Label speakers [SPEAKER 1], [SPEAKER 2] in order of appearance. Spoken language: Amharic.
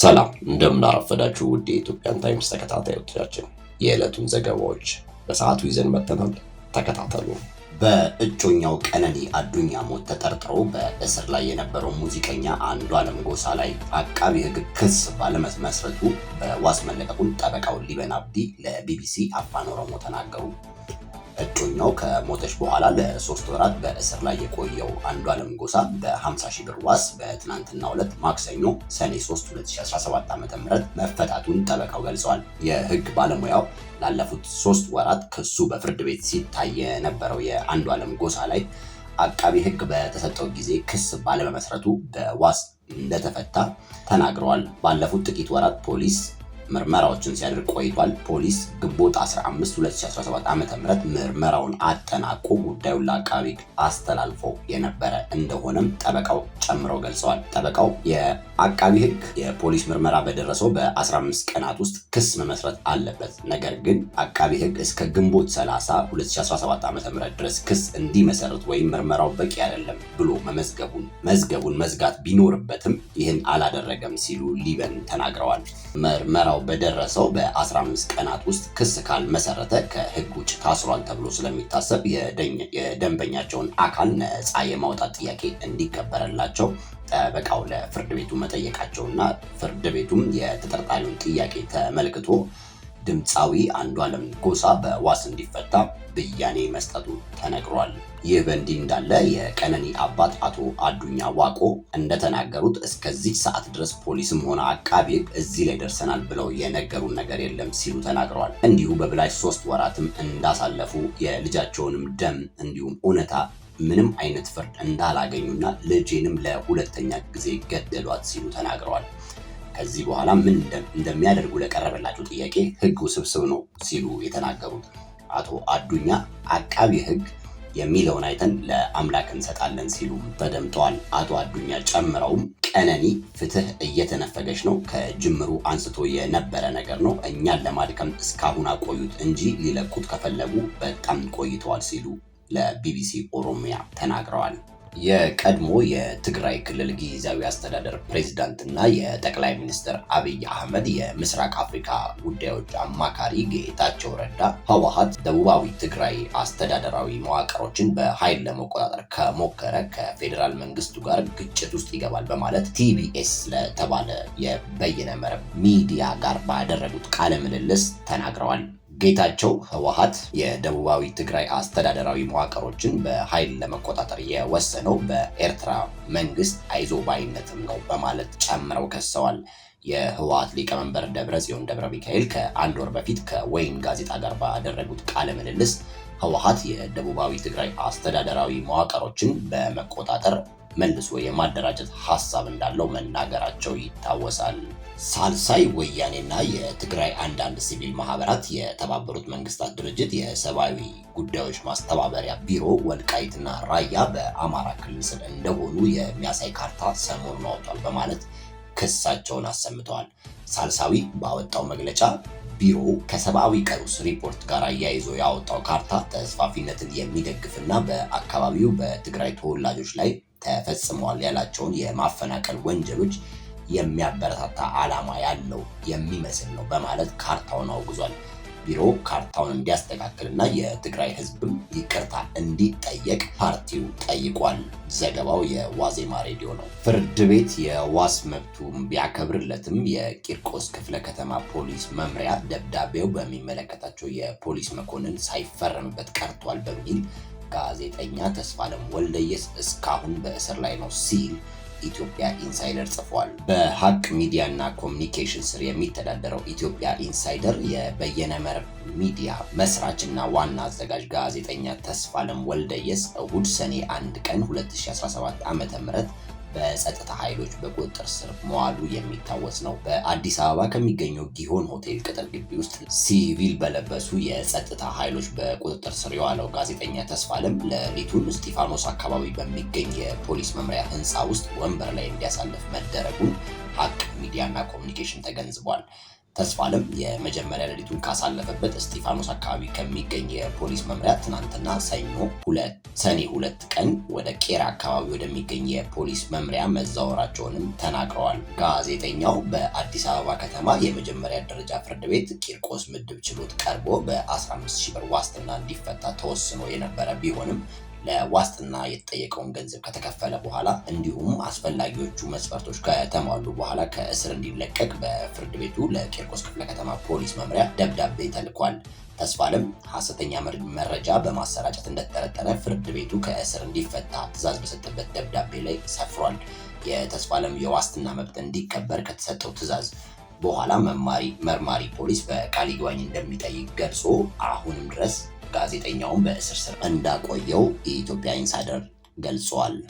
[SPEAKER 1] ሰላም እንደምናረፈዳችሁ ውድ የኢትዮጵያን ታይምስ ተከታታዮቻችን፣ የዕለቱን ዘገባዎች በሰዓቱ ይዘን መጥተናል። ተከታተሉ።
[SPEAKER 2] በእጮኛው ቀነኒ አዱኛ ሞት ተጠርጥሮ በእስር ላይ የነበረው ሙዚቀኛ አንዷለም ጎሳ ላይ አቃቢ ሕግ ክስ ባለመመስረቱ በዋስ መለቀቁን ጠበቃው ሊበን አብዲ ለቢቢሲ አፋን ኦሮሞ ተናገሩ። ሞኝ ነው ከሞተች በኋላ ለሶስት ወራት በእስር ላይ የቆየው አንዷለም ጎሳ በ50 ሺህ ብር ዋስ በትናንትና ሁለት ማክሰኞ ሰኔ 3 2017 ዓ.ም መፈታቱን ጠበቃው ገልጸዋል። የህግ ባለሙያው ላለፉት ሶስት ወራት ክሱ በፍርድ ቤት ሲታይ የነበረው የአንዷለም ጎሳ ላይ አቃቢ ህግ በተሰጠው ጊዜ ክስ ባለመመስረቱ በዋስ እንደተፈታ ተናግረዋል። ባለፉት ጥቂት ወራት ፖሊስ ምርመራዎችን ሲያደርግ ቆይቷል። ፖሊስ ግንቦት 15 2017 ዓ ም ምርመራውን አጠናቆ ጉዳዩን ለአቃቢ አስተላልፎ የነበረ እንደሆነም ጠበቃው ጨምረው ገልጸዋል። ጠበቃው የአቃቢ ህግ የፖሊስ ምርመራ በደረሰው በ15 ቀናት ውስጥ ክስ መመስረት አለበት፣ ነገር ግን አቃቢ ህግ እስከ ግንቦት 30 2017 ዓ ም ድረስ ክስ እንዲመሰርት ወይም ምርመራው በቂ አይደለም ብሎ መመዝገቡን መዝገቡን መዝጋት ቢኖርበትም ይህን አላደረገም ሲሉ ሊበን ተናግረዋል። ምርመራው በደረሰው በ15 ቀናት ውስጥ ክስ ካልመሰረተ ከህግ ውጭ ታስሯል ተብሎ ስለሚታሰብ የደንበኛቸውን አካል ነፃ የማውጣት ጥያቄ እንዲከበረላቸው ጠበቃው ለፍርድ ቤቱ መጠየቃቸውና ፍርድ ቤቱም የተጠርጣሪውን ጥያቄ ተመልክቶ ድምፃዊ አንዷለም ጎሳ በዋስ እንዲፈታ ብያኔ መስጠቱ ተነግሯል። ይህ በእንዲህ እንዳለ የቀነኒ አባት አቶ አዱኛ ዋቆ እንደተናገሩት እስከዚህ ሰዓት ድረስ ፖሊስም ሆነ አቃቤ ሕግ እዚህ ላይ ደርሰናል ብለው የነገሩን ነገር የለም ሲሉ ተናግረዋል። እንዲሁ በብላሽ ሶስት ወራትም እንዳሳለፉ የልጃቸውንም ደም እንዲሁም እውነታ ምንም አይነት ፍርድ እንዳላገኙና ልጄንም ለሁለተኛ ጊዜ ገደሏት ሲሉ ተናግረዋል። ከዚህ በኋላ ምን እንደሚያደርጉ ለቀረበላቸው ጥያቄ ህግ ውስብስብ ነው ሲሉ የተናገሩት አቶ አዱኛ አቃቢ ህግ የሚለውን አይተን ለአምላክ እንሰጣለን ሲሉ ተደምጠዋል። አቶ አዱኛ ጨምረውም ቀነኒ ፍትህ እየተነፈገች ነው፣ ከጅምሩ አንስቶ የነበረ ነገር ነው፣ እኛን ለማድከም እስካሁን አቆዩት እንጂ ሊለቁት ከፈለጉ በጣም ቆይተዋል ሲሉ ለቢቢሲ ኦሮሚያ ተናግረዋል። የቀድሞ የትግራይ ክልል ጊዜያዊ አስተዳደር ፕሬዝዳንትና የጠቅላይ ሚኒስትር አብይ አህመድ የምስራቅ አፍሪካ ጉዳዮች አማካሪ ጌታቸው ረዳ ህወሀት ደቡባዊ ትግራይ አስተዳደራዊ መዋቅሮችን በኃይል ለመቆጣጠር ከሞከረ ከፌዴራል መንግስቱ ጋር ግጭት ውስጥ ይገባል በማለት ቲቢኤስ ለተባለ የበይነ መረብ ሚዲያ ጋር ባደረጉት ቃለ ምልልስ ተናግረዋል። ጌታቸው ህወሓት የደቡባዊ ትግራይ አስተዳደራዊ መዋቅሮችን በኃይል ለመቆጣጠር የወሰነው በኤርትራ መንግስት አይዞባይነትም ነው በማለት ጨምረው ከሰዋል። የህወሓት ሊቀመንበር ደብረ ጽዮን ደብረ ሚካኤል ከአንድ ወር በፊት ከወይን ጋዜጣ ጋር ባደረጉት ቃለ ምልልስ ህወሓት የደቡባዊ ትግራይ አስተዳደራዊ መዋቅሮችን በመቆጣጠር መልሶ የማደራጀት ሀሳብ እንዳለው መናገራቸው ይታወሳል። ሳልሳይ ወያኔና የትግራይ አንዳንድ ሲቪል ማህበራት የተባበሩት መንግስታት ድርጅት የሰብአዊ ጉዳዮች ማስተባበሪያ ቢሮ ወልቃይትና ራያ በአማራ ክልል ስር እንደሆኑ የሚያሳይ ካርታ ሰሞኑን አውጥቷል በማለት ክሳቸውን አሰምተዋል። ሳልሳዊ ባወጣው መግለጫ ቢሮው ከሰብአዊ ቀውስ ሪፖርት ጋር አያይዞ ያወጣው ካርታ ተስፋፊነትን የሚደግፍና በአካባቢው በትግራይ ተወላጆች ላይ ተፈጽመዋል ያላቸውን የማፈናቀል ወንጀሎች የሚያበረታታ ዓላማ ያለው የሚመስል ነው በማለት ካርታውን አውግዟል። ቢሮ ካርታውን እንዲያስተካክልና የትግራይ ህዝብም ይቅርታ እንዲጠየቅ ፓርቲው ጠይቋል። ዘገባው የዋዜማ ሬዲዮ ነው። ፍርድ ቤት የዋስ መብቱን ቢያከብርለትም የቂርቆስ ክፍለ ከተማ ፖሊስ መምሪያ ደብዳቤው በሚመለከታቸው የፖሊስ መኮንን ሳይፈረምበት ቀርቷል በሚል ጋዜጠኛ ተስፋለም ወልደየስ እስካሁን በእስር ላይ ነው ሲል ኢትዮጵያ ኢንሳይደር ጽፏል። በሀቅ ሚዲያና ኮሚኒኬሽን ስር የሚተዳደረው ኢትዮጵያ ኢንሳይደር የበየነ መረብ ሚዲያ መስራች እና ዋና አዘጋጅ ጋዜጠኛ ተስፋለም ወልደየስ እሁድ ሰኔ 1 ቀን 2017 ም በጸጥታ ኃይሎች በቁጥጥር ስር መዋሉ የሚታወስ ነው። በአዲስ አበባ ከሚገኘው ጊሆን ሆቴል ቅጥር ግቢ ውስጥ ሲቪል በለበሱ የጸጥታ ኃይሎች በቁጥጥር ስር የዋለው ጋዜጠኛ ተስፋለም ሌሊቱን እስጢፋኖስ አካባቢ በሚገኝ የፖሊስ መምሪያ ህንፃ ውስጥ ወንበር ላይ እንዲያሳልፍ መደረጉን ሀቅ ሚዲያና ኮሚኒኬሽን ተገንዝቧል። ተስፋ አለም የመጀመሪያ ሌሊቱን ካሳለፈበት እስጢፋኖስ አካባቢ ከሚገኝ የፖሊስ መምሪያ ትናንትና ሰኞ ሰኔ ሁለት ቀን ወደ ቄራ አካባቢ ወደሚገኝ የፖሊስ መምሪያ መዛወራቸውንም ተናግረዋል። ጋዜጠኛው በአዲስ አበባ ከተማ የመጀመሪያ ደረጃ ፍርድ ቤት ቂርቆስ ምድብ ችሎት ቀርቦ በ15 ሺህ ብር ዋስትና እንዲፈታ ተወስኖ የነበረ ቢሆንም ለዋስትና የተጠየቀውን ገንዘብ ከተከፈለ በኋላ እንዲሁም አስፈላጊዎቹ መስፈርቶች ከተሟሉ በኋላ ከእስር እንዲለቀቅ በፍርድ ቤቱ ለቂርቆስ ክፍለ ከተማ ፖሊስ መምሪያ ደብዳቤ ተልኳል። ተስፋለም ሐሰተኛ መረጃ በማሰራጨት እንደተጠረጠረ ፍርድ ቤቱ ከእስር እንዲፈታ ትዕዛዝ በሰጠበት ደብዳቤ ላይ ሰፍሯል። የተስፋለም የዋስትና መብት እንዲከበር ከተሰጠው ትዕዛዝ በኋላ መርማሪ ፖሊስ በቃል ይግባኝ እንደሚጠይቅ ገልጾ አሁንም ድረስ ጋዜጠኛውን በእስር ስር እንዳቆየው የኢትዮጵያ ኢንሳይደር ገልጿል።